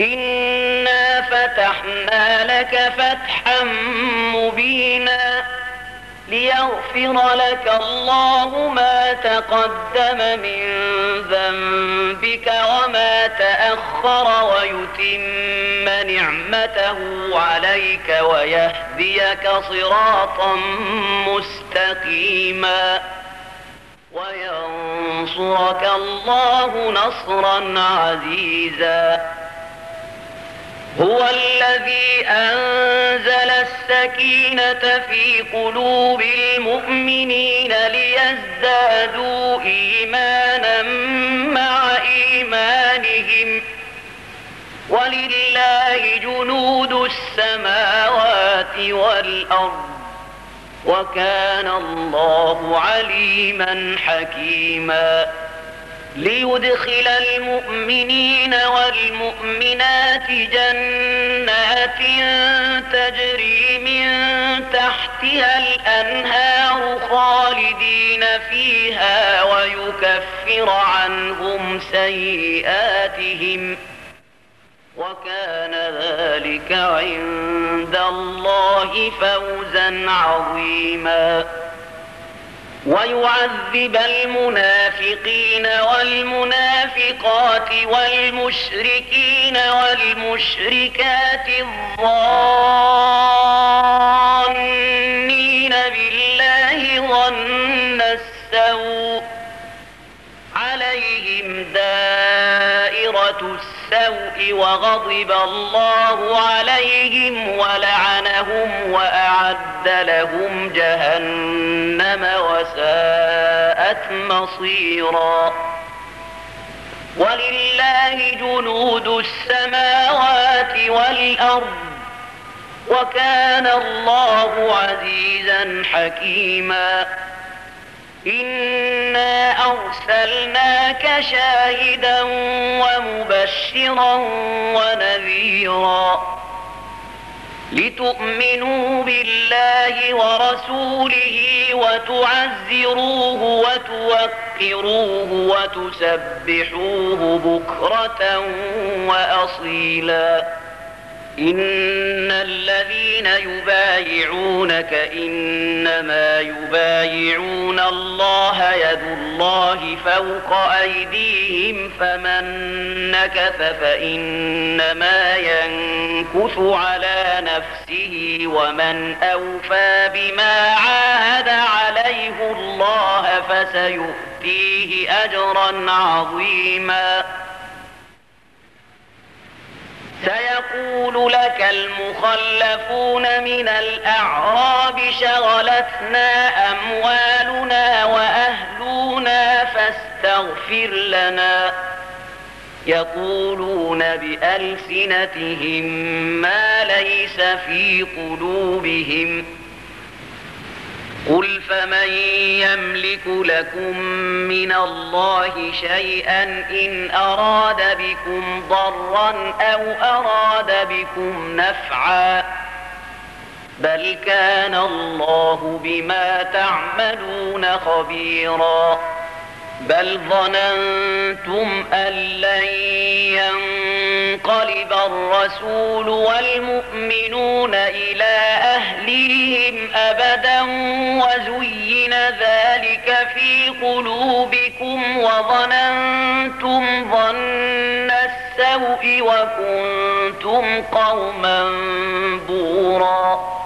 إنا فتحنا لك فتحا مبينا ليغفر لك الله ما تقدم من ذنبك وما تأخر ويتم نعمته عليك ويهديك صراطا مستقيما وينصرك الله نصرا عزيزا هو الذي أنزل السكينة في قلوب المؤمنين ليزدادوا إيمانا مع إيمانهم ولله جنود السماوات والأرض وكان الله عليما حكيما ليدخل المؤمنين والمؤمنات جنات تجري من تحتها الأنهار خالدين فيها ويكفر عنهم سيئاتهم وكان ذلك عند الله فوزا عظيماً ويعذب المنافقين والمنافقات والمشركين والمشركات الظانين بالله ظن السوء عليهم دار كبيرة السوء وغضب الله عليهم ولعنهم وأعد لهم جهنم وساءت مصيرا ولله جنود السماوات والأرض وكان الله عزيزا حكيما إنا أرسلناك شاهدا ومبشرا ونذيرا لتؤمنوا بالله ورسوله وتعزروه وتوقروه وتسبحوه بكرة وأصيلاً إن الذين يبايعونك إنما يبايعون الله يد الله فوق أيديهم فمن نكث فإنما ينكث على نفسه ومن أوفى بما عاهد عليه الله فسيؤتيه أجرا عظيماً سيقول لك المخلفون من الأعراب شغلتنا أموالنا وأهلنا فاستغفر لنا يقولون بألسنتهم ما ليس في قلوبهم قل فمن يملك لكم من الله شيئا إن أراد بكم ضرا أو أراد بكم نفعا بل كان الله بما تعملون خبيراً بل ظننتم أن لن ينقلب الرسول والمؤمنون إلى أهليهم أبدا وزين ذلك في قلوبكم وظننتم ظن السوء وكنتم قوما بوراً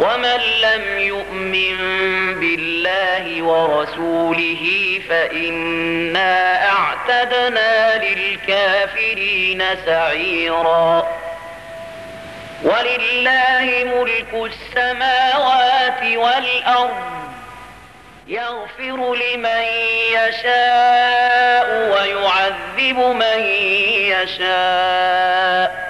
ومن لم يؤمن بالله ورسوله فإنا أعتدنا للكافرين سعيرا ولله ملك السماوات والأرض يغفر لمن يشاء ويعذب من يشاء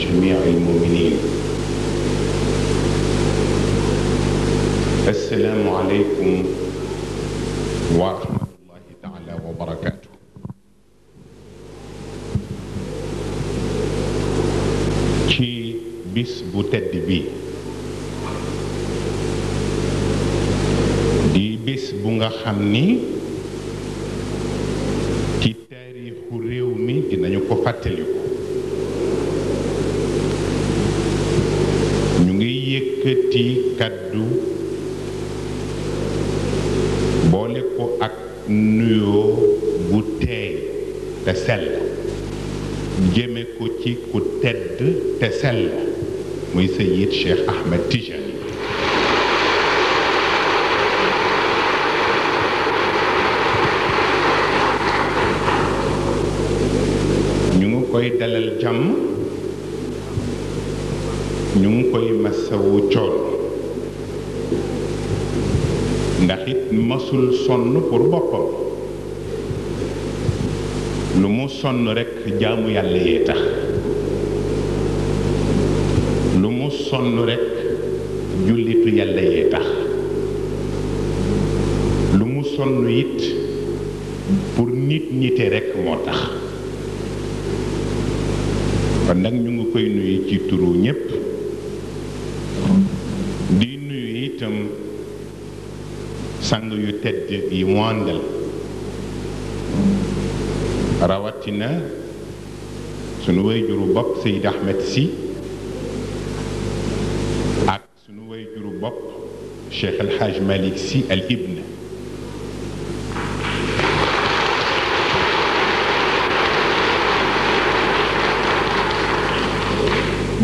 جميع المؤمنين السلام عليكم te sell jëme ko ci ku tedd te sell muy Seyid Cheikh Ahmed Tijani ñu ngi koy dalal jàmm ñu ngi koy masawu coon ndax it masul sonn pour boppam sonn rekk jaamu yàlla yee tax lu mu sonn rekk jullitu yàlla yee tax lu mu sonn it pour nit ñite rekk moo tax kon nag ñu ngi koy nuyu ci turu ñépp di nuyu itam sang yu tedd bi mu àndal rawatina sunu wayjuru bopp Seyd Ahmed Si ak sunu wayjuru bopp Cheikh El Hadj Malick Si al Ibn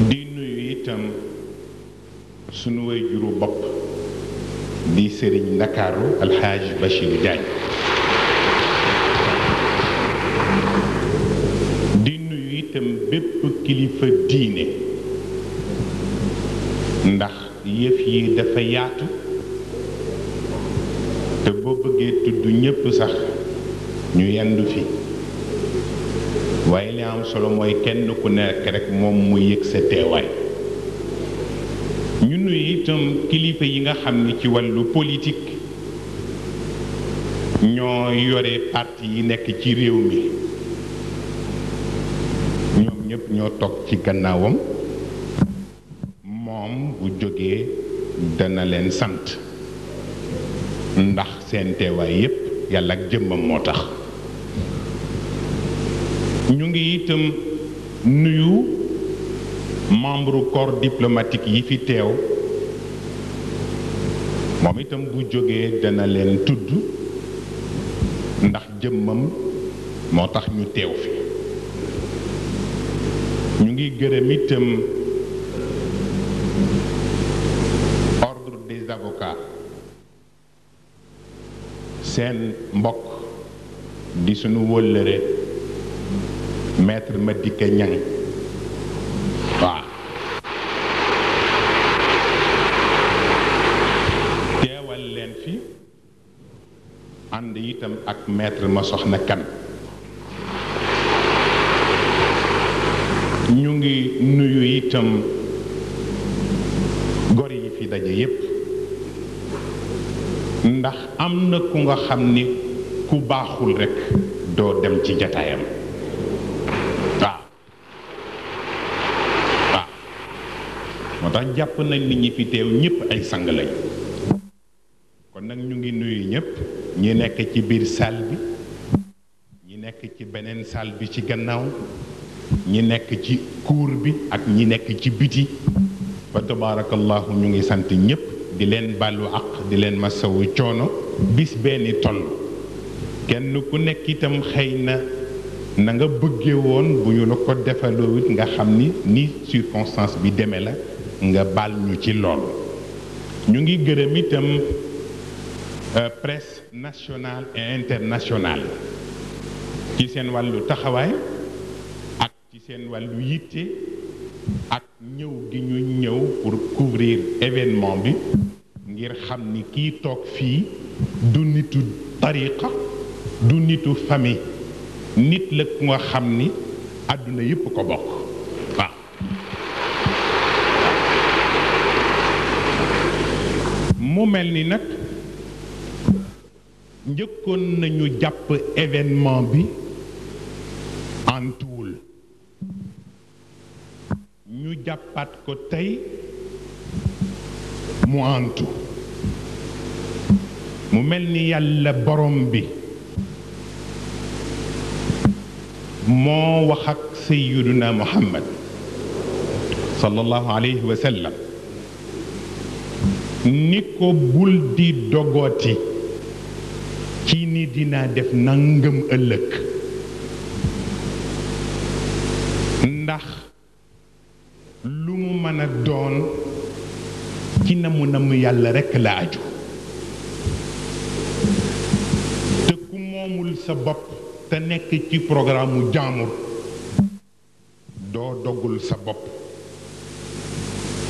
di nuyu itam sunu wayjuru bopp di Serigne nakaru Al Hadj Bachir Diagne kilifa diine ndax yëf yi dafa yaatu te boo bëggee tudd ñépp sax ñu yendu fi waaye li am solo mooy kenn ku nekk rek moom mu yëg sa teewaay ñu nuyu itam kilifa yi nga xam ni ci wàllu politik ñoo yore parti yi nekk ci réew mi ñëpp ñoo toog ci gannaawam moom bu jógee dana leen sant ndax seen teewaay yépp yàlla ak jëmmam moo tax ñu ngi itam nuyu membre corps diplomatique yi fi teew moom itam bu jógee dana leen tudd ndax jëmmam moo tax ñu teew fi ñu ngi gërëm itam ordre des avocats seen mbokk di sunu wëllëre maître Madické Niang waaw teewal leen fi ànd itam ak maître ma soxna kan ñu ngi nuyu itam gor yi fi daje yépp ndax am na ku nga xam ni ku baaxul rekk doo dem ci jataayam waaw waaw moo tax jàpp nañ ni ñi fi teew ñépp ay sang lañ kon nag ñu ngi nuyu ñépp ñi nekk ci biir salle bi ñi nekk ci beneen salle bi ci gannaaw ñi nekk ci kuur bi ak ñi nekk ci biti fa tabarakallahu ñu ngi sant ñëpp di leen bàllu ak di leen ma masawu coono bis benn toll kenn ku nekk itam xëy na na nga bëgge woon bu ñu la ko defaloo it nga xam ni ni circonstance bi demee la nga bal ñu ci lool ñu ngi gërëm itam euh, presse national et internationale ci seen wàllu taxawaay seen wàllu yitte ak ñëw gi ñu ñëw pour couvrir événement bi ngir xam ni kii toog fii du nitu tariqa du nitu famille nit la ko nga xam ni àdduna yépp ko bokk waaw mu mel ni nag njëkkoon nañu jàpp événement bi en tout ñu jàppaat ko tey mu antu mu mel ni yàlla borom bi moo wax ak sayyiduna muhammad sallallahu alayhi wa sallam ni ko bul di dogooti ci ni dinaa def nangam ëllëg ndax mën a doon ci namu namu yàlla rek la aju te ku moomul sa bopp te nekk ci programme jaamur doo dogul sa bopp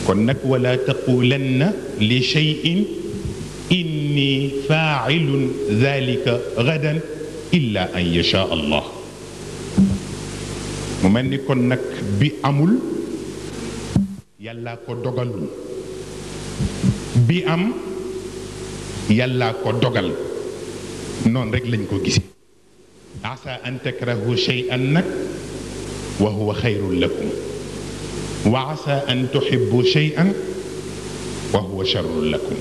kon nag wala taqulanna li shayin inni faacilun dalika gadan illa an yasha allah mu mel ni kon nag bi amul yàllaa ko dogalul bi am yàllaa ko dogal noonu rek lañ ko gisee asa an takrahu shay'an nag wa huwa xayrun lakum wa asa an tuhibbu shay'an wa huwa sharrun lakum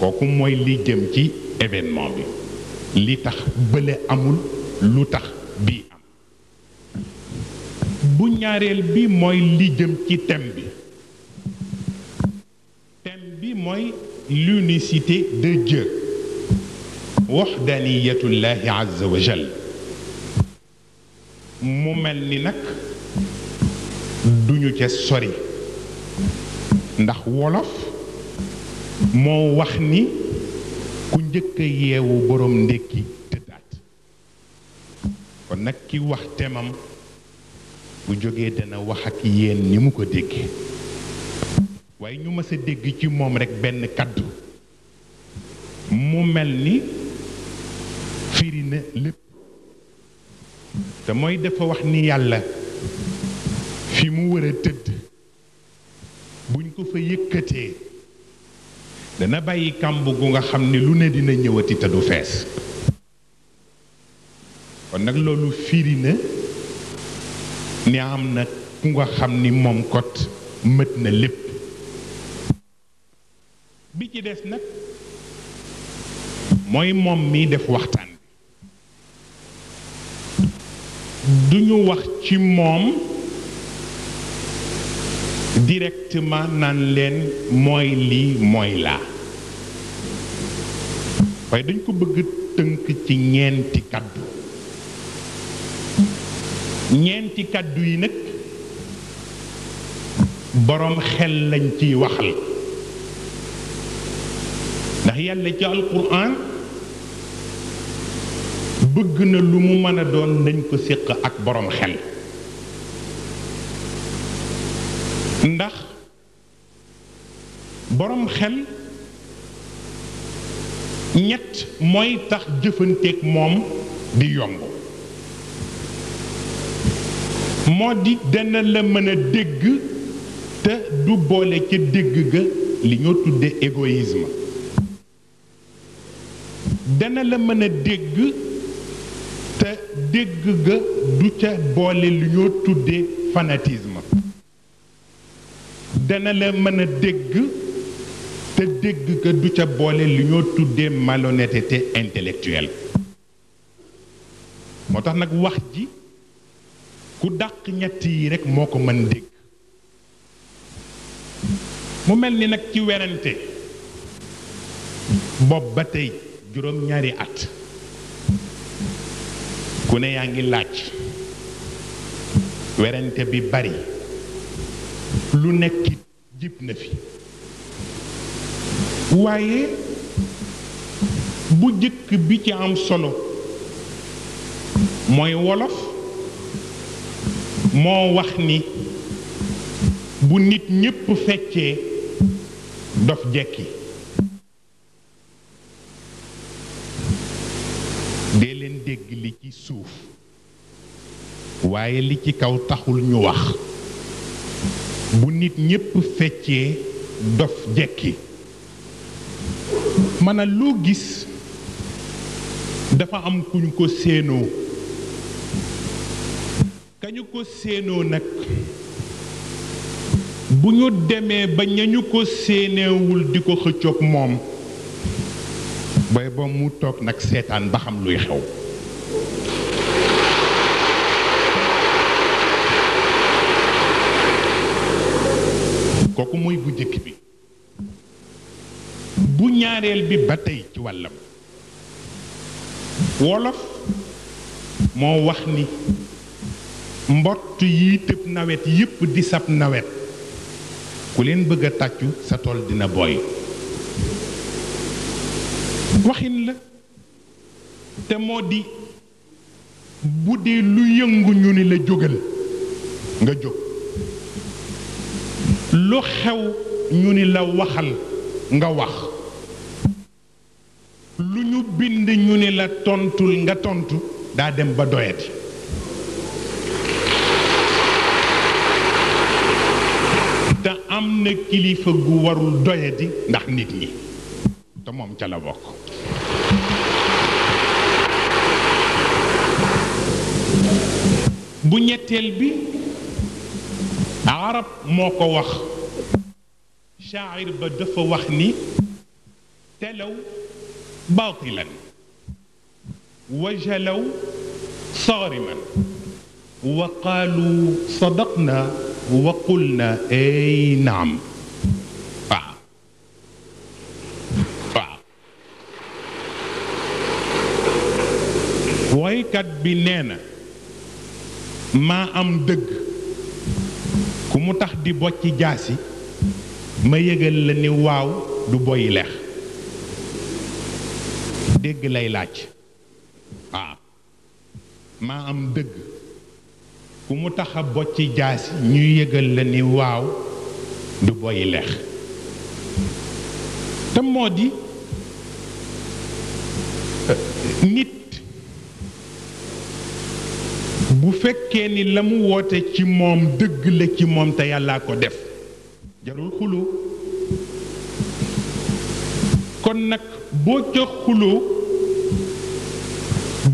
kooku mooy li jëm ci événement bi li tax bële amul lu tax bii am bu ñaareel bi mooy li ci tem bi mooy l'unicité de Dieu waxdaniyatullahi azza wa jal mu mel ni nag duñu ca sori ndax wolof mo wax ni ku njëkk a yeewu borom ndékki tëddaat kon nag ki wax temam bu jógee dana wax ak yéen ni mu ko déggee waaye ñu mës a dégg ci moom rekk benn kàddu mu mel ni firi na lépp te mooy dafa wax ni yàlla fi mu war a tëdd buñ ko fa yëkkatee dana bàyyi kàmb gu nga xam ni lu ne dina ñëwati te du fees kon nag loolu firi na ni am na ku nga xam ni moom kot mët na lépp bi ci des nag mooy moom mi def waxtaan bi du ñu wax ci moom direkt ma naan leen mooy lii mooy laa waaye dañ ko bëgg tënk ci ñeenti kàddu ñeenti kàddu yi nag boroom xel lañ ciy waxal yàlla ci alquran bëgg na lu mu mën a doon nañ ko séq ak borom xel ndax borom xel ñett mooy tax jëfanteeg moom di yomb moo di dana la mën a dégg te du boole ca dégg ga li ñoo tudde égoïsme dana la mën a dégg te dégg ga du ca boole lu ñoo tuddee fanatisme dana la mën a dégg te dégg ga du ca boole lu ñoo tuddee malhonnêteté intellectuelle moo tax nag wax ji ku dàq ñett yi rekk moo ko mën dégg mu mel ni nag ci werante bopp ba tey juróom ñaari at ku ne yaa ngi laaj werante bi bari lu nekk jib na fi waaye bu jëkk bi ci am solo mooy wolof moo wax ni bu nit ñépp feccee dof jekki dégg li suuf waaye li ci kaw taxul ñu wax bu nit ñépp feccee dof jekki mana loo gis dafa am kuñ ko séenoo kañu ko séenoo nag bu ñu demee ba ñañu ko séeneewul di ko xëccoog moom booy ba mu toog nag seetaan ba xam luy xew kooku mooy bu njëkk bi bu ñaareel bi ba tey ci wàllam wolof moo wax ni mbott yi nawet yépp di sab nawet ku leen bëgg a tàccu sa tool dina booy waxin la te moo di bu dee lu yëngu ni la jógal nga jóg lu xew ñu ni la waxal nga wax lu ñu bind ñu ni la tontul nga tontu daa dem ba doyati te am na kilifa gu warul doyati ndax nit ñi te moom ca la bokk bu ñetteel bi arab moo ko wax شاعر بدف وخني تلو باطلا وجلوا صارما وقالوا صدقنا وقلنا اي نعم فع. فع. ويكت بنانا ما ام دق كمتخ دي بوكي جاسي ma yëgal la ni waaw du boy lex dégg lay laaj waaw ah. maa am dëgg ku mu taxa a jaas jaasi ñu yëgal la ni waaw du boy lex te moo di eh, nit bu fekkee ni la mu woote ci moom dëgg la ci moom te yàllaa ko def jarul xuloo kon nag boo ca xuloo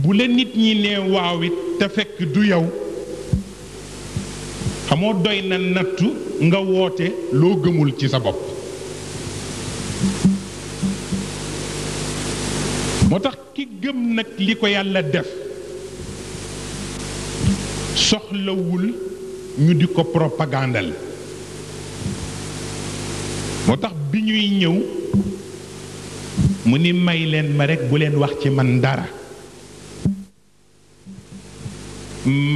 bu la nit ñi ne waaw it te fekk du yow xamoo doy na nattu nga woote loo gëmul ci sa bopp moo tax ki gëm nag li ko yàlla def soxlawul ñu di ko propagandal moo tax bi ñuy ñëw mu ni mayleen leen ma rekk bu leen wax ci man dara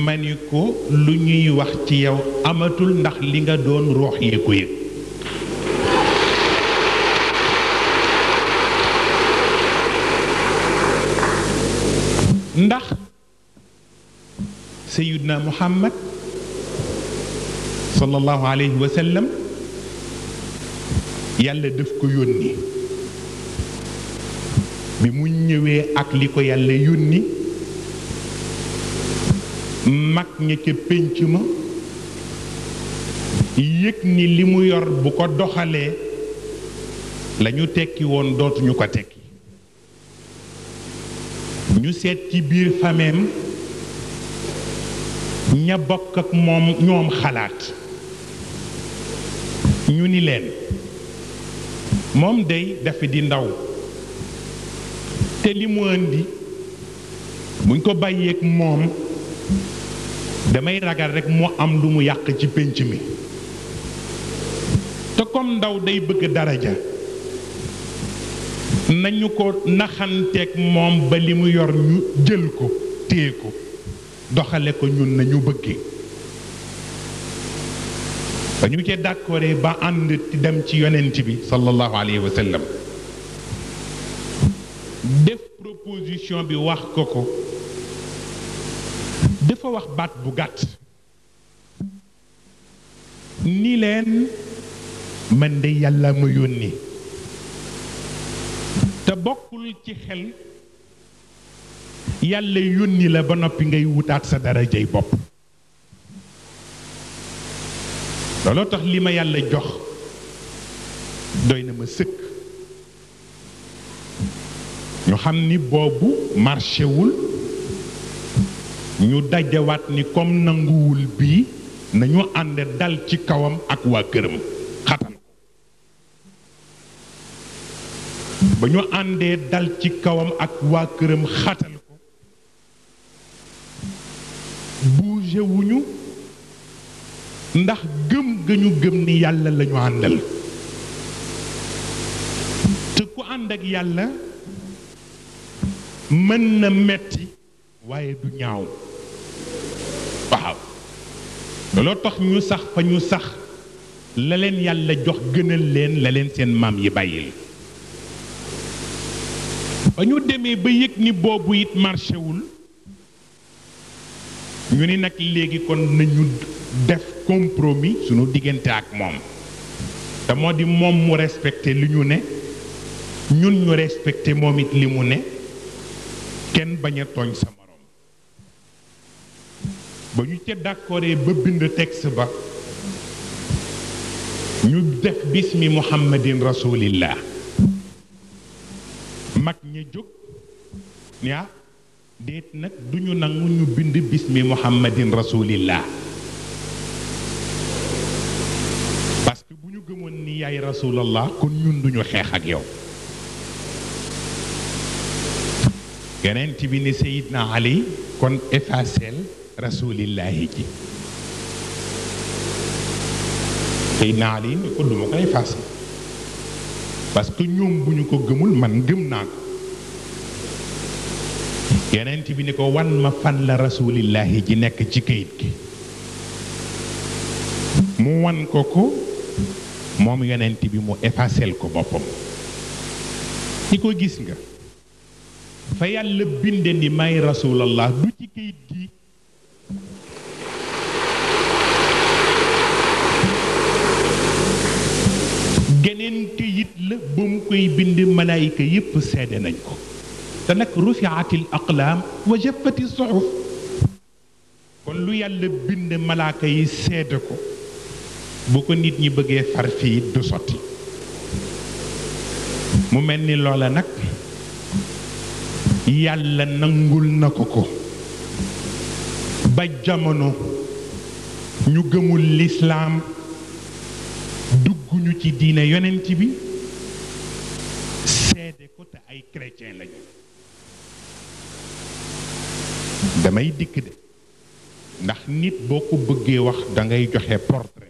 ma ni ko lu ñuy wax ci yow amatul ndax li nga doon roox yee ko yëg ndax Seyyidna Muhammad sallallahu alayhi wa yàlla daf ko yónni bi mu ñëwee ak li ko yàlla yónni mag ña ca pénc ma yëg ni li mu yor bu ko doxalee lañu tekki woon dootuñu ko tekki ñu seet ci biir fameem ña bokk ak moom ñoom xalaat ñu ni leen moom day dafa di ndaw te li mu indi buñ ko bàyyeeg moom damay ragal rekk mu am lu mu yàq ci pénc mi te comme ndaw day bëgg daraja nañu ko naxanteeg moom ba li mu yor ñu jël ko téye ko doxale ko ñun nañu bëggee ba ñu ca d'accordé ba ànd dem ci yonent bi sallallahu alayhi wa sallam def proposition bi wax ko ko dafa wax baat bu gàtt nii leen man de yàlla ma yónni te bokkul ci xel yàlla yónni la ba noppi ngay wutaat sa dara jëy bopp looloo tax li ma yàlla jox doy na ma sëkk ñu xam ni boobu marché ñu dajawaat ni comme nanguwul bii nañu ànd dal ci kawam ak waa këram ko ba ñu àndee dal ci kawam ak waa këram xatal ko bougé ndax gëm ga ñu gëm ni yàlla lañu àndal te ku ànd ak yàlla mën na metti waaye du ñaaw waaw looloo tax ñu sax fa ñu sax la leen yàlla jox gënal leen laleen seen maam yi bàyyil ba ñu demee ba yëg ni boobu it marché ñu ni nag léegi kon nañu def compromis suñu sunu ak mom. te moo di moom mu respecter li ñu ne ñun ñu respecter momit li mu né kenn baña a sa morom ba ñu ca d'accordé ba bind texte ba ñu def bismi muhammadin rasulillah mak ñi juk ñaa déet nak duñu nangu ñu bind bismi muhammadin rasulillah yaay rasulallah kon ñun duñu xeex ak yow yonent bi ni Seydina Ali kon efasel rasulillahi ji Seydina Ali ni ko duma ko efase parce que ñoom bu ñu ko gëmul man gëm naa ko yonent bi ni ko wan ma fan la rasulillahi ji nekk ci kayit gi mu wan ko ko moom yonent bi mu effacel ko boppam ni ko gis nga fa yàlla binde ni may rasulallah du ci kayit gi geneen kayit la ba mu koy bind malaayika yépp seede nañ ko te nag al aqlam wa jaffati suxuf kon lu yàlla bind malaaka yi seede ko bu ko nit ñi bëggee far du sotti mu mel ni loola nag yàlla nangul na ko ko ba jamono ñu gëmul lislaam dugguñu ci diine yonent bi seede ko te ay chrétien lañu damay dikk de ndax nit boo ko bëggee wax dangay joxe portrait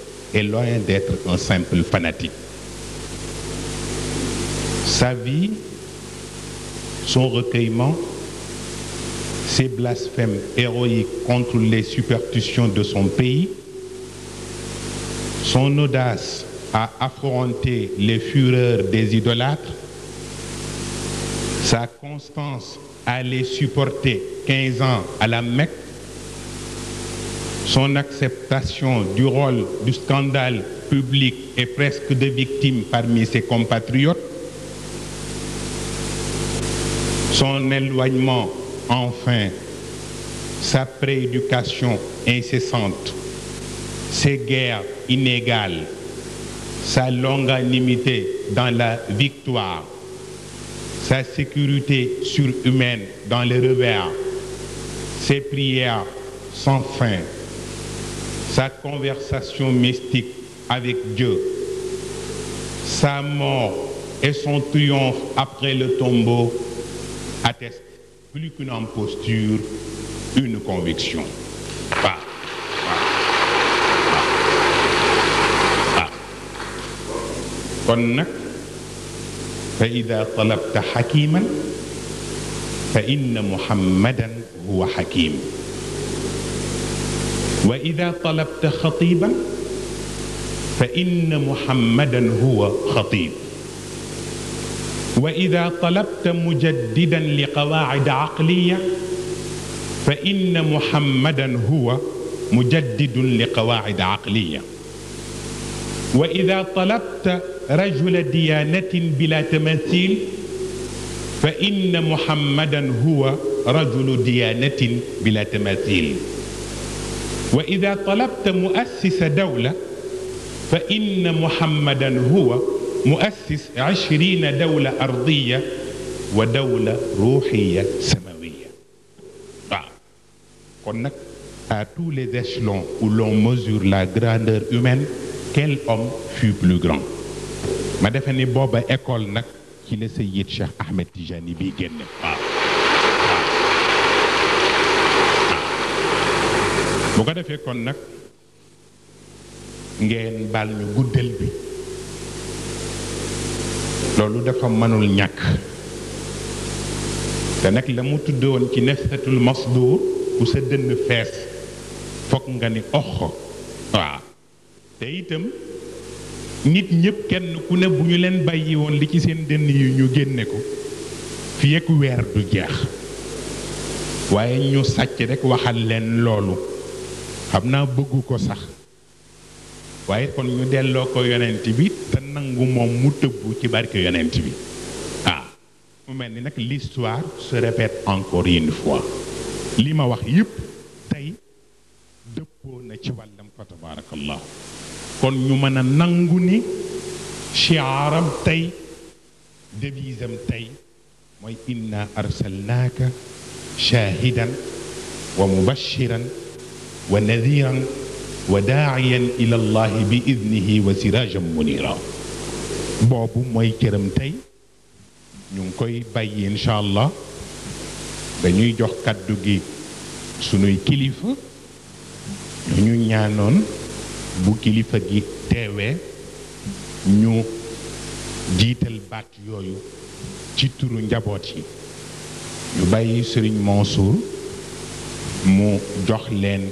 est loin d'être un simple fanatique. Sa vie, son recueillement, ses blasphèmes héroïques contre les superstitions de son pays, son audace à affronter les fureurs des idolâtres, sa constance à les supporter 15 ans à la Mecque, son acceptation du rôle du scandale public et presque de victime parmi ses compatriotes, son éloignement enfin, sa prééducation incessante, ses guerres inégales, sa longanimité dans la victoire, sa sécurité surhumaine dans les revers, ses prières sans fin, sa conversation mystique avec Dieu, sa mort et son triomphe après le tombeau attestent plus qu'une imposture, une conviction. واذا طلبت خطيبا فان محمدا هو خطيب واذا طلبت مجددا لقواعد عقليه فان محمدا هو مجدد لقواعد عقليه واذا طلبت رجل ديانه بلا تماثيل فان محمدا هو رجل ديانه بلا تماثيل وإذا طلبت مؤسس دولة فإن محمدا هو مؤسس عشرين دولة أرضية ودولة روحية سماوية قلناك à tous les échelons où l'on mesure la grandeur humaine quel homme fut plus grand Je suis ni à l'école qui ci la Seyyid Cheikh Ahmed Tijani bi génne bu ko defee kon nag ngeen baal ñu guddal bi loolu dafa mënul ñàkk te nag la mu woon ci nefsatul masdur bu sa dënn fees foog nga ni ox waaw te itam nit ñëpp kenn ku ne bu ñu leen bàyyi woon li ci seen dënn yi ñu génne ko fi ak weer du jeex waaye ñu sàcc rekk waxal leen loolu xam naa bëggu ko sax waaye kon ñu delloo ko yonent bi te nangu moom mu tëbbu ci barke yonent bi ah mu mel nak nag l'histoire se répète encore une fois li ma wax yépp tey dëppoo na ci wàllam fa tabarakallahu kon ñu mën nangu ni chiaaram tey devisam tey mooy inna arsalnaka shaahidan wa mubashiran ونذيرا وداعيا الى الله باذنه وسراجا منيرا بوب موي كرم تاي نونكوي باي ان شاء الله دا نيو جوخ كادو غي سونوي كليفا نيو نيانون بو كليفا غي تيوي نيو جيتال بات يويو تي تورو نجابوتي نيو باي سيرين منصور مو جوخ لين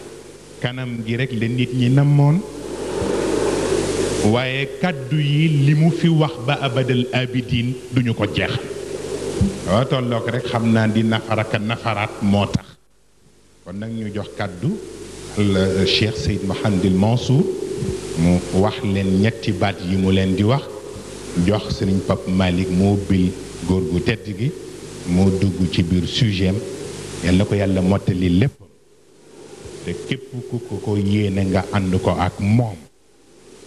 kanam gi rek la nit ñi namoon waaye kàddu yi li mu fi wax ba abadal abidin duñu ko jeex waaw tollook rek xam naa di nafaraka nafaraat moo tax kon nag ñu jox kàddu al Cheikh Seyd Mouhamadul Mansour mu wax leen ñetti baat yi mu leen di wax jox sëriñ Pape Malick mu ubbil góor gu tedd gi moo dugg ci biir sujet am na ko yàlla mottali lépp te képp ku ko ko yéene nga ànd ko ak moom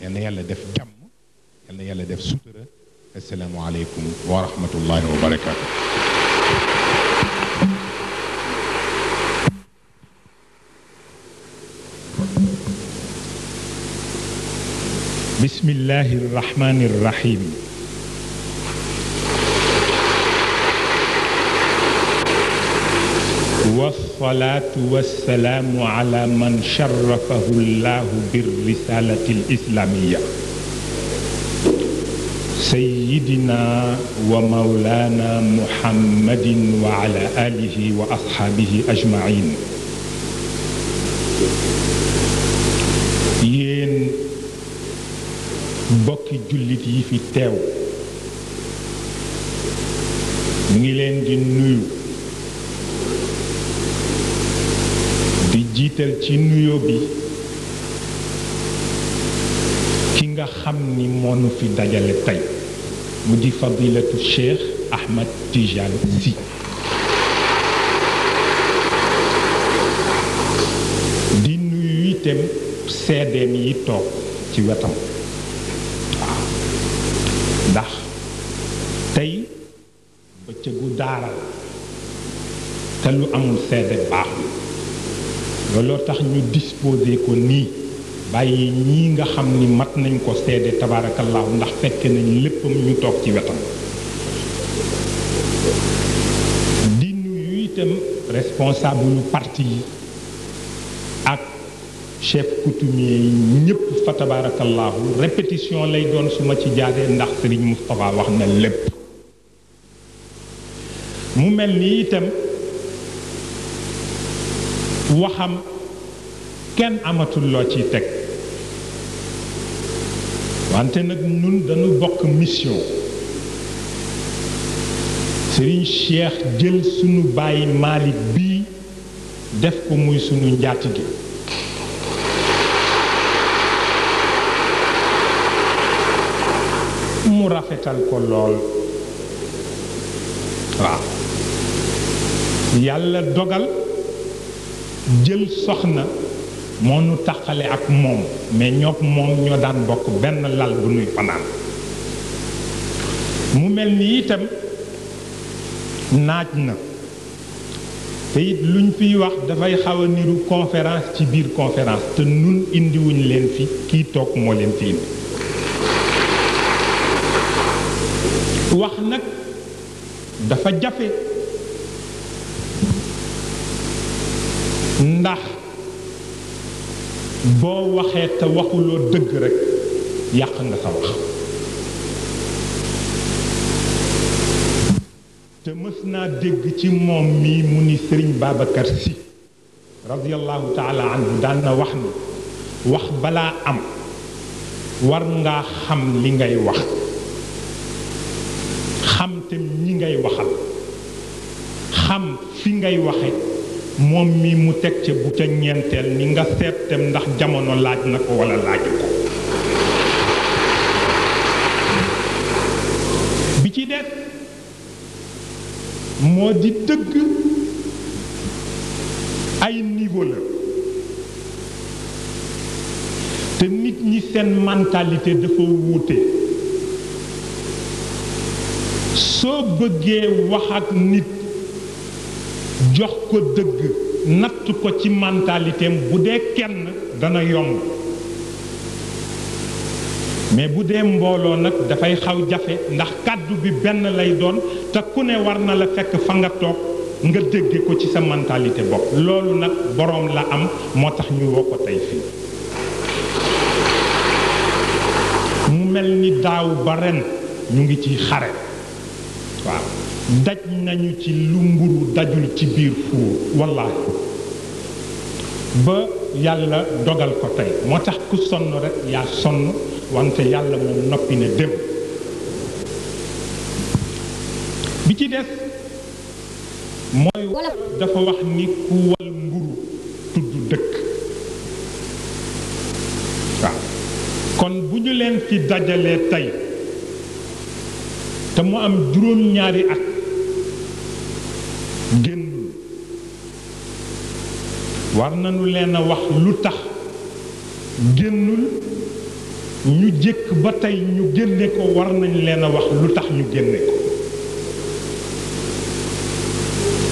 yàlla yàlla def jàmm yàlla yàlla def sutura asalaamaaleykum wa rahmatullahi wa barakaatu bismillahi rahmani rahim والصلاة والسلام على من شرفه الله بالرسالة الإسلامية سيدنا ومولانا محمد وعلى آله وأصحابه أجمعين yéen bokki jullit في fi teew ñu ngi di nuyu jiital ci nuyo bi ki nga xam ni moonu fi dajale tey mu di fadilatu cheikh ahmad tijal si di nuyu itam seedeem yi toog ci wetam ndax tey bëccëgu daara te lu amul seede baax looloo tax ñu disposé ko nii bàyyi ñii nga xam ni mat nañ ko seede tabaarakallaahu ndax fekke nañ léppam ñu toog ci wetam di nuyu itam responsable yu parti yi ak chef coutumier yi ñëpp fa tabaarakallaahu répétition lay doon su ma ci jaadee ndax Serigne Moustapha wax na lépp mu mel ni itam waxam kenn amatul loo ciy teg wante nag nun dañu bokk mission Serigne Cheikh jël sunu bàyyi Malick bii def ko muy sunu njaati gi mu rafetal ko lool waaw yàlla dogal jël soxna moo nu taqale ak moom mais ñoog moom ñoo daan bokk benn lal bu nuy fanaan mu mel ni itam naaj na te it luñ fiy wax dafay xaw a niru conférence ci biir conférence te nun indiwuñ leen fi kii toog moo leen fi indi wax nag dafa jafe ndax boo waxee te waxuloo dëgg rekk yàq nga sa wax te mës naa dégg ci moom mii mu ni sëriñ Babacar si radiallahu taala anhu daan wax ni wax balaa am war ngaa xam li ngay wax xam te ñi ngay waxal xam fi ngay waxe moom mi mu teg ca bu ca ñeenteel ni nga seetem ndax jamono laaj na ko wala laaj ko bi ci des moo di tëgg ay niveau la te nit ñi seen mentalité dafa wuute soo bëggee wax ak nit jox ko dëgg natt ko ci mentalité am bu dee kenn dana yomb mais bu dee mbooloo nag dafay xaw jafe ndax kàddu bi benn lay doon te ku ne war na la fekk fa nga toog nga dégge ko ci sa mentalité bopp loolu nag boroom la am moo tax ñu woo ko tey fii mu mel ni daaw ba ren ñu ngi ci xare waaw daj nañu ci lu mburu dajul ci biir fuur wallaahi ba yàlla dogal ko tey moo tax ku sonn rek yaa sonn wante yàlla moom noppi na dem bi ci des mooy wolof dafa wax ni ku wal mburu tudd dëkk waaw kon bu ñu leen ci dajalee tey te mu am juróom-ñaari at génnul war nañu leen a wax lu tax génnul ñu jëkk ba tey ñu génne ko war nañ leen a wax lu tax ñu génne ko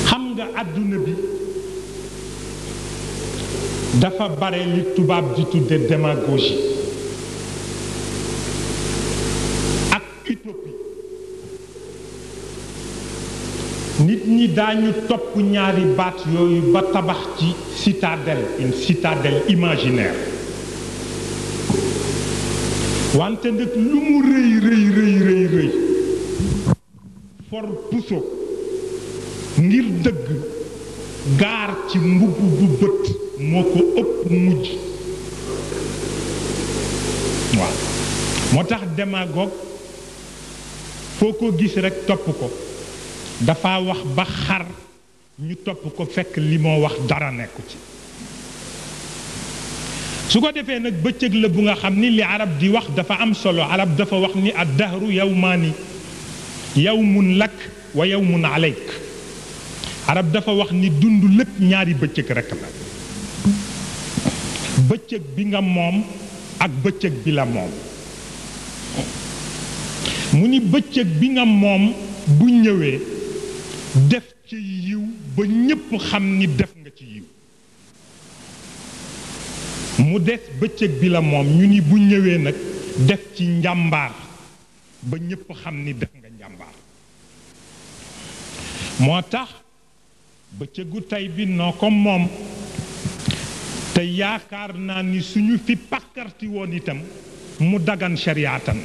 xam nga àdduna bi dafa bare li tubaab di tudde démagogie nit ñi daañu topp ñaari baat yooyu ba tabax ci citadelle une citadelle imaginaire wante nag lu mu rëy rëy rëy for puso ngir dëgg gaar ci mbubb bu bët moo ko ëpp mujj waaw moo tax démagogue foo ko gis rekk topp ko dafa wax ba xar ñu topp ko fekk li moo wax dara nekku ci su ko defee nag bëccëg la bu nga xam ni li arab di wax dafa am solo arab dafa wax ni ad dahru yawmani yawmun lak wa yawmun alayk arab dafa wax ni dund lépp ñaari bëccëg rek la bëccëg bi nga moom ak bëccëg bi la moom mu ni bëccëg bi nga moom bu ñëwee def ci yiw ba ñépp xam ni def nga ci yiw mu des bëccëg bi la moom ñu ni bu ñëwee nag def ci njàmbaar ba ñépp xam ni def nga njàmbaar moo tax bëccëgu tey bi noo ko moom te yaakaar naa ni suñu fi pàkkarti woon itam mu dagan shariatan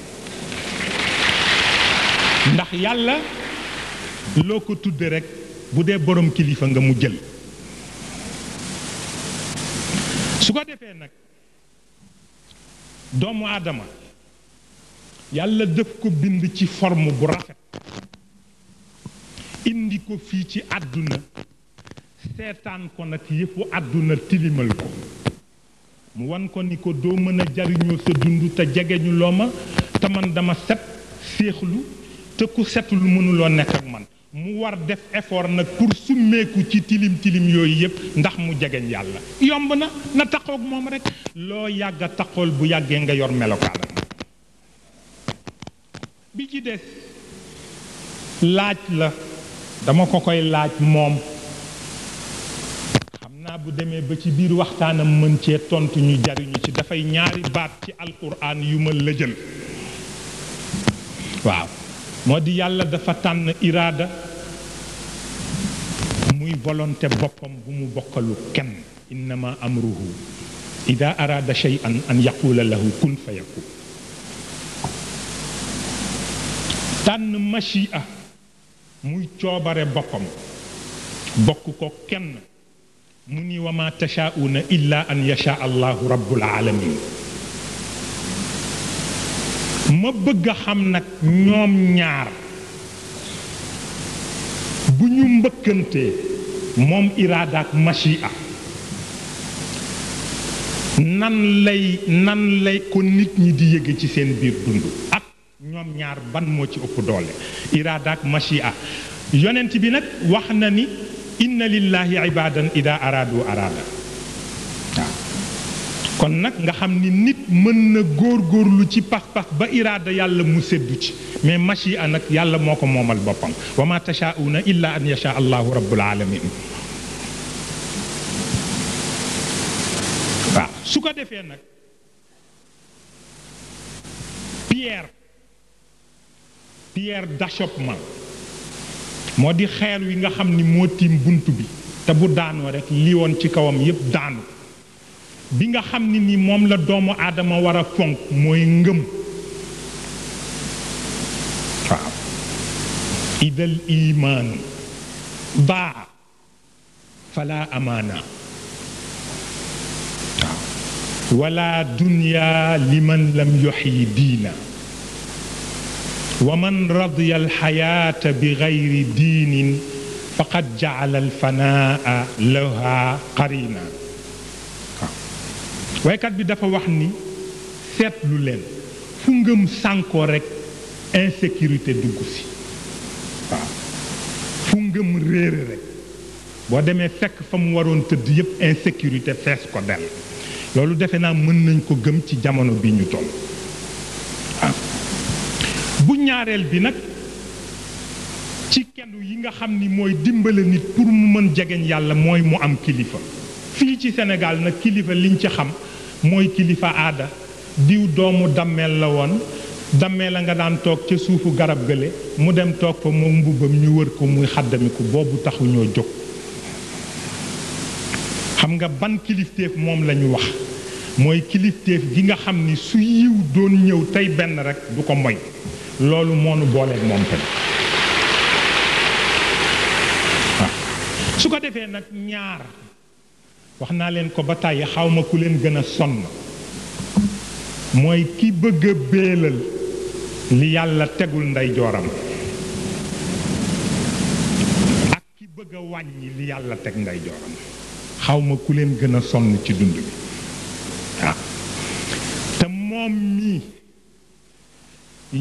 ndax yàlla loo ko tudde rekk bu dee boroom kilifa nga mu jël su ko defee nag doomu aadama yàlla def ko bind ci forme bu rafet indi ko fii ci àdduna seetaan ko nag yëfu àdduna tilimal ko mu wan ko ni ko doo mën a jariñoo sa dund te jegeñu loo ma te man dama set séexlu te ku setul mënuloo nekk ak man mu war def effort nag pour summeeku ci tilim tilim yooyu yëpp ndax mu jegeñ yàlla yomb na na taqoog moom rek loo yàgg a taqool bu yàggee nga yor melokaanam bi ci des laaj la dama ko koy laaj moom xam naa bu demee ba ci biir waxtaanam mën cee tontu ñu jariñu ci dafay ñaari baat ci alquran yu ma la jël waaw moo di yàlla dafa tànn iraada muy volonté bopam bu mu bokkalu ken innama amruhu ida arada shay'an an yaqula lahu kun fayakun tan mashi'a muy ciobare bopam bokku ko ken muni wa ma illa an yasha allahu rabbul alamin ma bëgg xam nag ñoom ñaar bu ñu mbëkkantee moom iraada ak machia nan lay nan lay ko nit ñi di yég ci seen biir dund ak ñoom ñaar ban moo ci ëpp doole iraada ak machia yonent bi nag wax na ni inna lillahi ibadan ida araadu araada kon nag nga xam ni nit mën na góor góorlu ci pax-pax ba iraada yàlla mu séddu ci mais machia nag yàlla moo ko moomal boppam wa ma tashaauna illa an yasha allahu rabbul alamin waaw su ko defee nag pierre pierre d'achoppement moo di xeer wi nga xam ni moo tiim bunt bi te bu daanoo rek li woon ci kawam yépp daanu bi nga xam ne ni moom la doomu aadama war a fonk mooy ngëm waaw idal iman ba fala amana ولا دنيا لمن لم يحيي دينا ومن رضي الحياة بغير دين فقد جعل الفناء لها قرينا waykat bi dafa wax ni seetlu leen fu ngëm sànkoo rekk insécurité dugg si waaw fu ngëm réere rek boo demee fekk fa mu waroon tëdd yépp insécurité fees ko del loolu defe naa mën nañ ko gëm ci jamono bi ñu toll bu ñaareel bi nag ci kendu yi nga xam ni mooy dimbale nit pour mu mën jegeñ yàlla mooy mu am kilifa fii ci Sénégal nag kilifa liñ ci xam mooy kilifa aada diw doomu dammeel la woon dammeel la nga daan toog ca suufu garab gële mu dem toog fa moom mbubbam ñu wër ko muy xàddamiku boobu taxu ñoo jóg xam nga ban kilifteef moom la wax mooy kilifteef gi nga xam ni su yiw doon ñëw tey benn rekk du ko moy loolu moonu booleeg moom tey su ko defee nag ñaar wax naa leen ko ba tàyyi xaw ma ku leen gën a sonn mooy ki bëgg a béelal li yàlla tegul ndeyjooram jooram ak ki bëgg wàññi li yàlla teg ndey xawma ku leen gën a sonn ci dund bi waaw te moom mii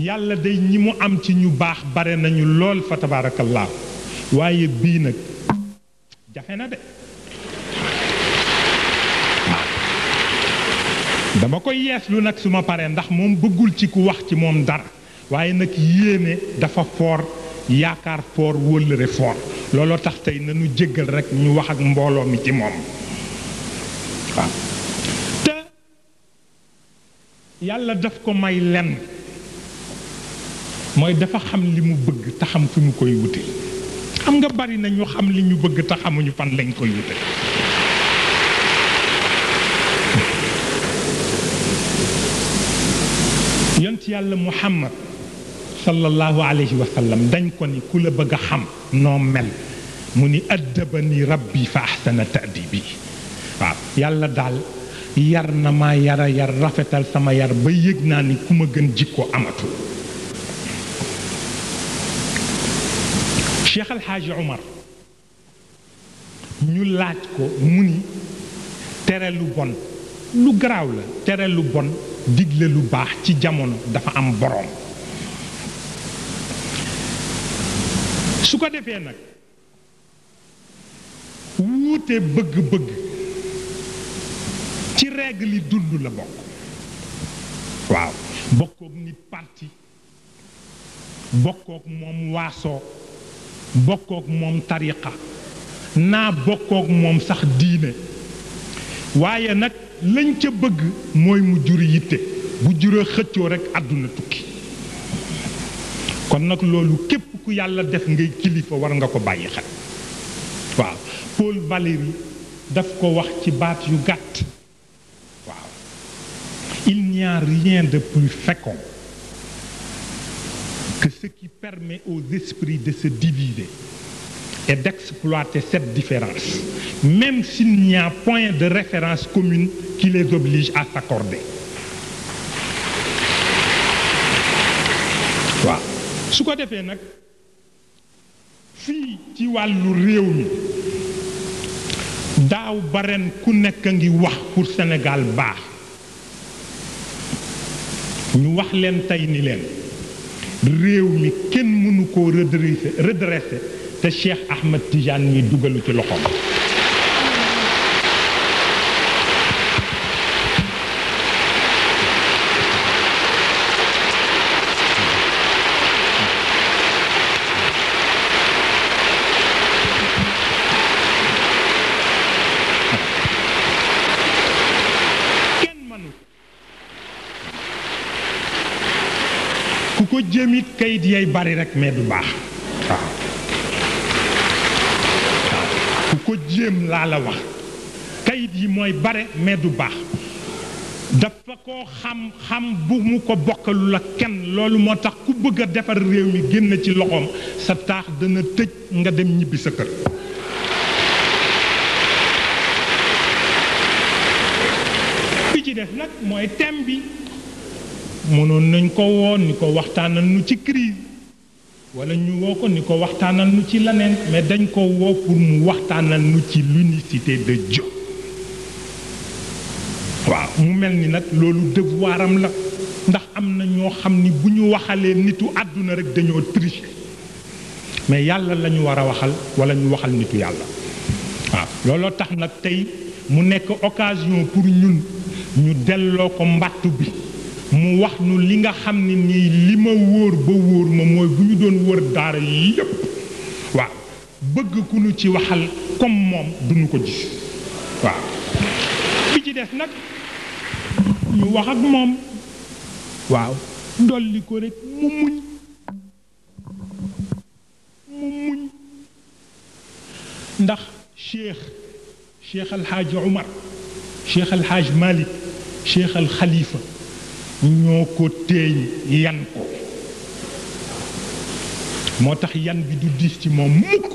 yàlla de ñi mu am ci ñu baax bare nañu lool fa tabaarakallaahu waaye bii nag jafe na de dama koy yeeslu nag suma paree ndax moom bëggul ci ku wax ci moom dara waaye nag yéene dafa foor yaakaar foor wëllëre foor looloo tax tey nanu jéggal rek ñu wax ak mbooloo mi ci moom waaw te yàlla daf ko may lenn mooy dafa xam li mu bëgg te xam fi mu koy wute xam nga bari na ñu xam li ñu bëgg te xamuñu fan lañ koy wute yont yàlla muhammad sallallahu alayhi wa sallam dañ ko ni ku la bëgg a xam noo mel mu ni addabani rabbi fa ahsana ta'dibi waaw yàlla daal yar na ma yara yar rafetal sama yar ba yëg ni ku gën jikko amatul cheikh alxaaji omar ñu laaj ko mu ni tere lu garaaw la tere lu bon digle lu baax ci jamono dafa am boroom su ko defee nag wuute bëgg-bëgg ci règle yi dund la bokk waaw bokkook nit parti bokkook moom waasoo bokkook moom tariqa naa bokkook moom sax diine waaye nag lañ ca bëgg mooy mu jur yitte bu juree xëccoo rek àdduna tukki kon nag loolu képp ku yàlla def ngay kilifa war nga ko bàyyi xel waaw Paul Valéry daf ko wax ci baat yu gàtt waaw il n'y a rien de plus fécond que ce qui permet aux esprits de se diviser et d'exploiter cette différence, même s'il n'y a point de référence commune qui les oblige à s'accorder. Quoi? su quoi fait, si fii ci le réew mi daaw ba ren ku pour Sénégal Nous ñu wax leen tey ni leen réew ken munu ko te Cheikh Ahmed Tidiane mi dugalu ci loxoom ku ko jëmit kayit yay bari rek mais du baax waaw ko jéem laa la wax kayit yi mooy bare mais du baax dafa ko xam xam bu mu ko bokkalu la kenn loolu moo tax ku bëgg a defar réew mi génn ci loxoom sa taax dana tëj nga dem ñibbi sa kër bi ci def nag mooy thème bi mënoon nañ ko woon ni ko waxtaanal nu ci crise wala ñu woo ko ni ko waxtaanal nu ci leneen mais dañ ko woo pour mu waxtaanal nu ci l'unicité de waaw mu mel ni nag loolu devoiram la ndax am na ñoo xam ni bu ñu waxalee nitu àdduna rek dañoo triche mais yàlla lañu war a waxal wala ñu waxal nitu yàlla waaw looloo tax nag tey mu nekk occasion pour ñun ñu delloo ko mbàttu bi mu wax nu li nga xam ni nii li ma wóor ba wóor ma mooy bu ñu doon wóor daara yépp waaw bëgg ku nu ci waxal comme moom duñu ko gis waaw bi ci des nag ñu wax moom waaw dolli ko rek mu muñ mu muñ ndax cheikh cheikh alxaaj Omar cheikh alxaaj Malik cheikh alxalifa ñoo ko téeñ yan ko moo tax yan bi du diis ci moom mukk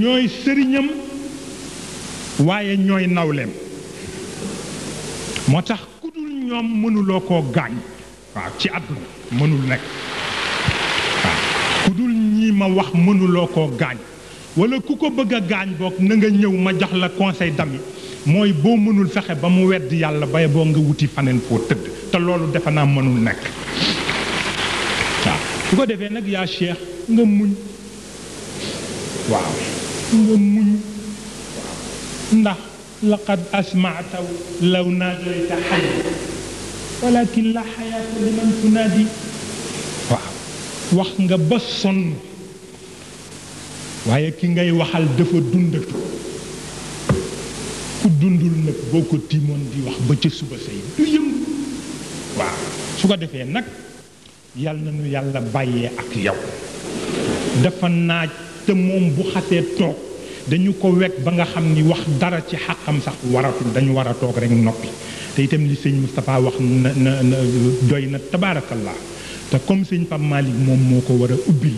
ñooy sëriñam waaye ñooy nawleem moo tax ku dul ñoom mënuloo koo gaañ waaw ci àdduna mënul nekk ku dul ñii ma wax mënuloo koo gaañ wala ku ko bëgg a gaañ boog na nga ñëw ma jox la conseil d'ami moy bo mënul fexe ba mu wedd yàlla bay bo nga wuti fanen fo teud te loolu defa na mënul nek waaw ko defé nak ya cheikh nga muñ waaw nga muñ ndax laqad asma'ta law nadaita xay walakin la hayata liman tunadi waaw wax nga ba sonn waaye ki ngay waxal dafa dundatu ku dundul nag boo ko tiimoon di wax ba ca suba say du waaw su ko defee nag yàlla na nu yàlla bàyyee ak yow dafa naaj te moom bu xasee toog dañu ko wekk ba nga xam ni wax dara ci xàqam sax waratul dañu war a toog rek noppi te itam li sëñ Moustapha wax na na na doy na tabaarakallah te comme sëñ Pape moom moo ko war a ubbil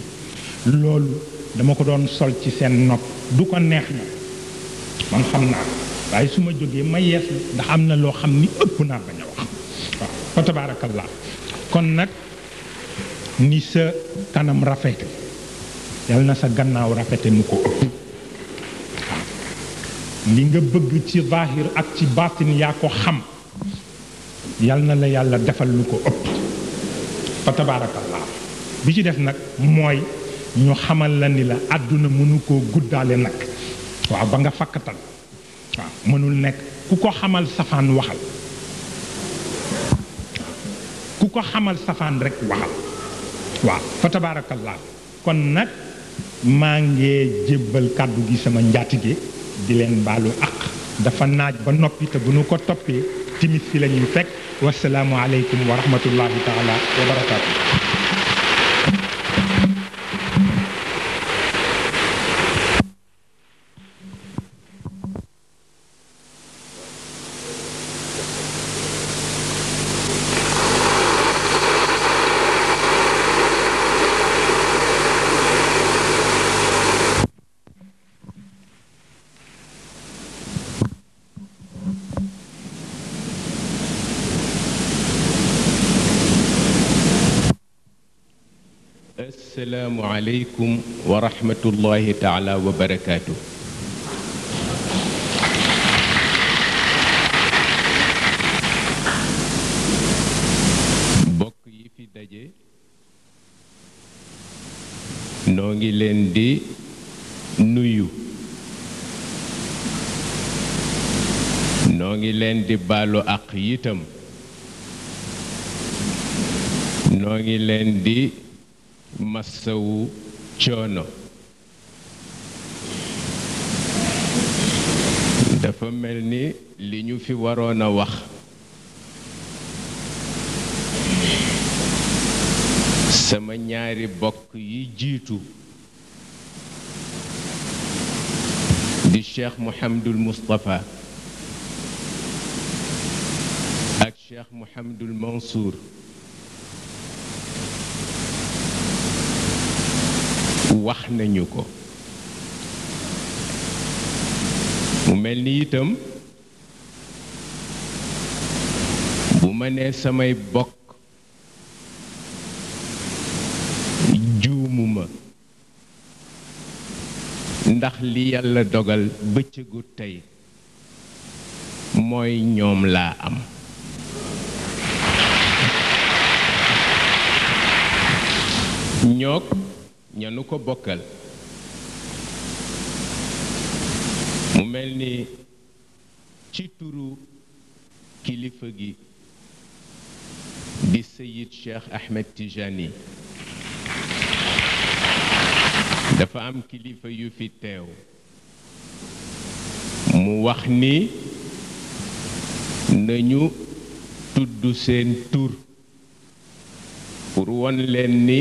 loolu dama ko doon sol ci seen nopp du ko neex na man xam naa waaye su ma jógee ma yees ndax am na loo xam ni ëpp naa bañ a wax waaw kon nag ni sa kanam rafete yal na sa gannaaw rafete nu ko ëpp li nga bëgg ci zahir ak ci baatin yaa ko xam yal na la yàlla defal lu ko ëpp fa bi ci def nag mooy ñu xamal la ni la àdduna mënu koo guddaale nag waaw ba nga fakkatal mënul nekk ku ko xamal safaan waxal ku ko xamal safaan rek waxal waaw fa tabaarakallaa kon nag maa ngi jébbal kàddu gi sama njaatige di leen baalu àq dafa naaj ba noppi te bu nu ko toppee timis fi la fekk wasalaamu aleykum wa rahmatullahi wa barakaatu aleykum wa rahmatullahi bokk yi fi daje noo ngi leen di nuyu noo ngi leen di baalu àq yitam noo ngi leen di massawu coono dafa mel ni li ñu fi waroon a wax sama ñaari bokk yi jiitu di cheikh Mouhamadul Moustapha ak cheikh Mouhamadul Mansour wax nañu ko mu mel ni itam bu ma nee samay bokk ma ndax li yàlla dogal bëccëgu tey mooy ñoom laa am ñook ñanu ko bokkal mu mel ni ci turu kilifa gi di Seyid Cheikh Ahmed Tijani dafa am kilifa yu fi teew mu wax ni nañu tudd seen tur pour won leen ni